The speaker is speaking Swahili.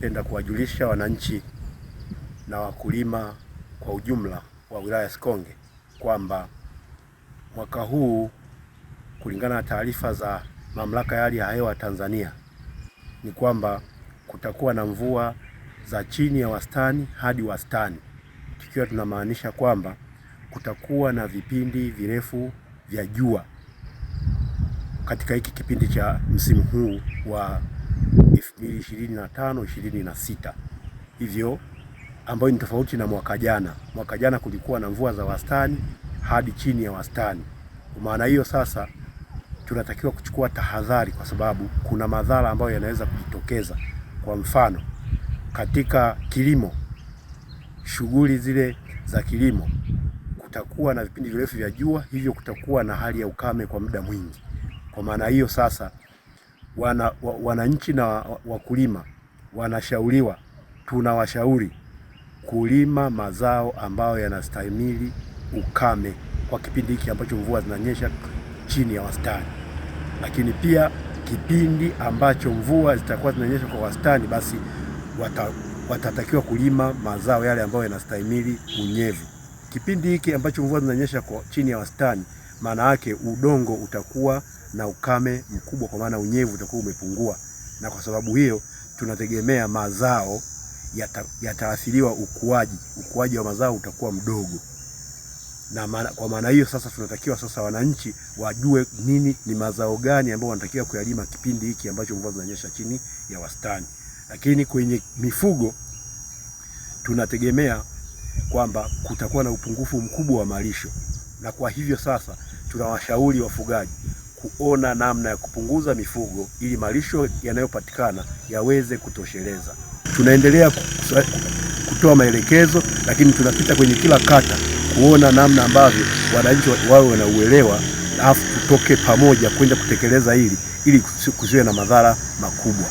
napenda kuwajulisha wananchi na wakulima kwa ujumla wa wilaya ya Sikonge kwamba mwaka huu kulingana na taarifa za mamlaka ya hali ya hewa Tanzania ni kwamba kutakuwa na mvua za chini ya wastani hadi wastani, tukiwa tunamaanisha kwamba kutakuwa na vipindi virefu vya jua katika hiki kipindi cha msimu huu wa 2025 26, hivyo ambayo ni tofauti na mwaka jana. Mwaka jana kulikuwa na mvua za wastani hadi chini ya wastani. Kwa maana hiyo sasa tunatakiwa kuchukua tahadhari, kwa sababu kuna madhara ambayo yanaweza kujitokeza. Kwa mfano katika kilimo, shughuli zile za kilimo, kutakuwa na vipindi virefu vya jua, hivyo kutakuwa na hali ya ukame kwa muda mwingi. Kwa maana hiyo sasa wananchi na wakulima wanashauriwa, tunawashauri kulima mazao ambayo yanastahimili ukame kwa kipindi hiki ambacho mvua zinanyesha chini ya wastani, lakini pia kipindi ambacho mvua zitakuwa zinanyesha kwa wastani, basi wata, watatakiwa kulima mazao yale ambayo yanastahimili unyevu. Kipindi hiki ambacho mvua zinanyesha kwa chini ya wastani, maana yake udongo utakuwa na ukame mkubwa, kwa maana unyevu utakuwa umepungua, na kwa sababu hiyo tunategemea mazao yataathiriwa, yata ukuaji ukuaji wa mazao utakuwa mdogo na mana, kwa maana hiyo sasa tunatakiwa sasa wananchi wajue nini ni mazao gani ambayo wanatakiwa kuyalima kipindi hiki ambacho mvua zinanyesha chini ya wastani. Lakini kwenye mifugo tunategemea kwamba kutakuwa na upungufu mkubwa wa malisho, na kwa hivyo sasa tunawashauri wafugaji kuona namna ya kupunguza mifugo ili malisho yanayopatikana yaweze kutosheleza. Tunaendelea kutoa maelekezo, lakini tunapita kwenye kila kata kuona namna ambavyo wananchi wawe wanauelewa, alafu tutoke pamoja kwenda kutekeleza hili ili kusiwe na madhara makubwa.